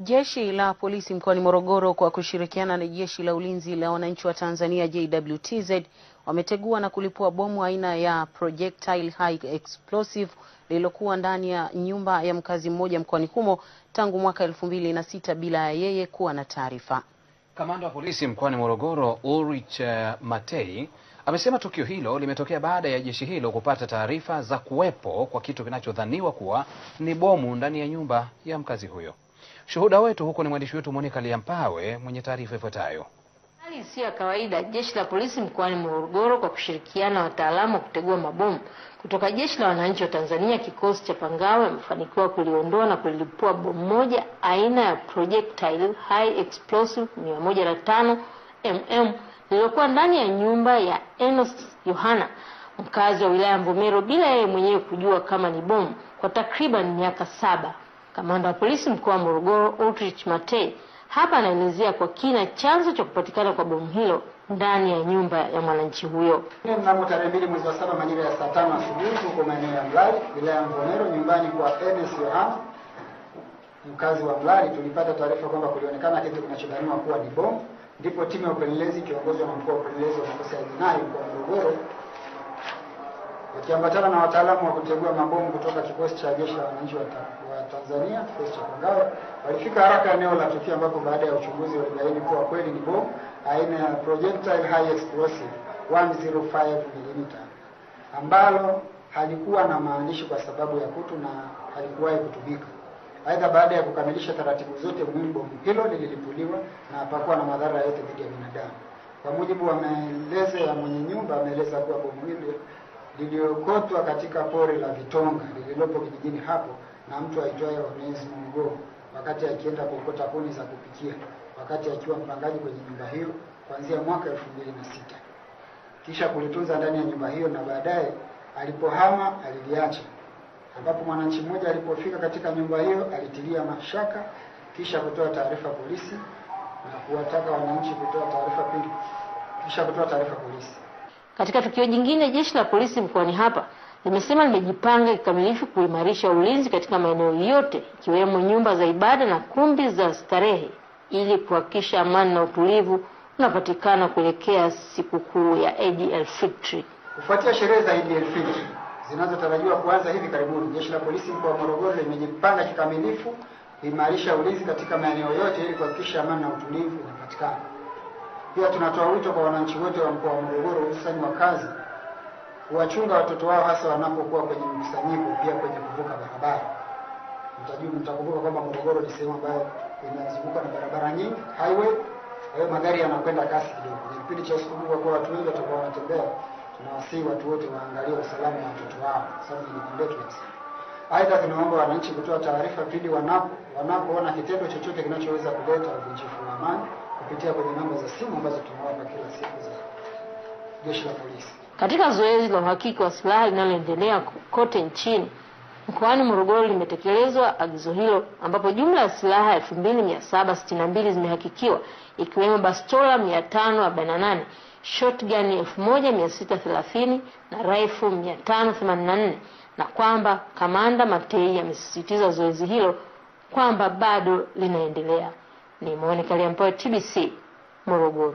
Jeshi la polisi mkoani Morogoro kwa kushirikiana na jeshi la ulinzi la wananchi wa Tanzania JWTZ wametegua na kulipua bomu aina ya projectile high explosive lililokuwa ndani ya nyumba ya mkazi mmoja mkoani humo tangu mwaka elfu mbili na sita bila ya yeye kuwa na taarifa. Kamanda wa polisi mkoani Morogoro Ulrich eh, Matei amesema tukio hilo limetokea baada ya jeshi hilo kupata taarifa za kuwepo kwa kitu kinachodhaniwa kuwa ni bomu ndani ya nyumba ya mkazi huyo. Shuhuda wetu huko ni mwandishi wetu Monica Liampawe mwenye taarifa ifuatayo. Hali isiyo ya kawaida, jeshi la polisi mkoani Morogoro kwa kushirikiana wataalamu wa kutegua mabomu kutoka jeshi la wananchi wa Tanzania, kikosi cha Pangawe, wamefanikiwa kuliondoa na kulilipua bomu moja aina ya projectile high explosive 105 mm lililokuwa ndani ya nyumba ya Enos Yohana, mkazi wa wilaya Mvomero, bila yeye mwenyewe kujua kama ni bomu, kwa takriban miaka saba. Kamanda wa polisi mkoa wa Morogoro Ulrich Matei hapa anaelezea kwa kina chanzo cha kupatikana kwa bomu hilo ndani ya nyumba ya mwananchi huyo. Mnamo tarehe mbili mwezi wa saba majira ya saa tano asubuhi huko maeneo ya Mlali wilaya ya Mvomero nyumbani kwa Enes Yohana mkazi wa Mlali tulipata taarifa kwamba kulionekana kitu kinachodhaniwa kuwa ni bomu, ndipo timu ya upelelezi ikiongozwa na mkuu wa upelelezi wa makosa ya jinai mkoa wa Morogoro wakiambatana na wataalamu wa kutegua mabomu kutoka kikosi cha jeshi la wananchi wa Tanzania, kikosi cha Kagawa, walifika haraka eneo la tukio, ambapo baada ya uchunguzi walibaini kuwa kweli ni bomu aina ya projectile high explosive 105 mm ambalo halikuwa na maandishi kwa sababu ya kutu na halikuwahi kutumika. Aidha, baada ya kukamilisha taratibu zote muhimu, bomu hilo lililipuliwa na hapakuwa na madhara yote dhidi ya binadamu. Kwa mujibu wa maelezo ya mwenye nyumba, ameeleza kuwa bomu hilo liliokotwa katika pori la Vitonga lililopo kijijini hapo na mtu aitwaye Onesimo Mgoo wakati akienda kuokota kuni za kupikia wakati akiwa mpangaji kwenye nyumba hiyo kuanzia mwaka elfu mbili na sita kisha kulitunza ndani ya nyumba hiyo, na baadaye alipohama aliliacha, ambapo mwananchi mmoja alipofika katika nyumba hiyo alitilia mashaka, kisha kutoa taarifa polisi na kuwataka wananchi kutoa taarifa pindi, kisha kutoa taarifa polisi. Katika tukio jingine, jeshi la polisi mkoani hapa limesema limejipanga kikamilifu kuimarisha ulinzi katika maeneo yote ikiwemo nyumba za ibada na kumbi za starehe ili kuhakikisha amani na utulivu unapatikana kuelekea sikukuu ya Eid al Kufuatia sherehe za Eid al zinazotarajiwa kuanza hivi karibuni, jeshi la polisi mkoa wa Morogoro limejipanga kikamilifu kuimarisha ulinzi katika maeneo yote ili kuhakikisha amani na utulivu unapatikana. Pia tunatoa wito kwa wananchi wote wa mkoa wa Morogoro hususani wakazi kuwachunga watoto wao hasa wanapokuwa kwenye mkusanyiko, pia kwenye kuvuka barabara. Mtajua, mtakumbuka kwamba Morogoro ni sehemu ambayo inazunguka na barabara nyingi, highway. Kwa hiyo magari yanakwenda kasi kidogo. Ni kipindi cha sikukuu, kwa watu wengi watakuwa wanatembea, tunawasihi watu wote waangalie usalama wa watoto wao, sababu ni Aidha, tunaomba wananchi kutoa taarifa pindi wanapoona kitendo chochote kinachoweza kuleta uvunjifu wa amani kupitia kwenye namba za simu ambazo tunawapa kila siku za jeshi la polisi. Katika zoezi la uhakiki wa silaha linaloendelea kote nchini Mkoani Morogoro limetekelezwa agizo hilo ambapo jumla ya silaha 2762 zimehakikiwa ikiwemo bastola 548 na shotgun 1630 na rifle 584, na na kwamba Kamanda Matei amesisitiza zoezi hilo kwamba bado linaendelea. Ni Monica Liampoe, TBC, Morogoro.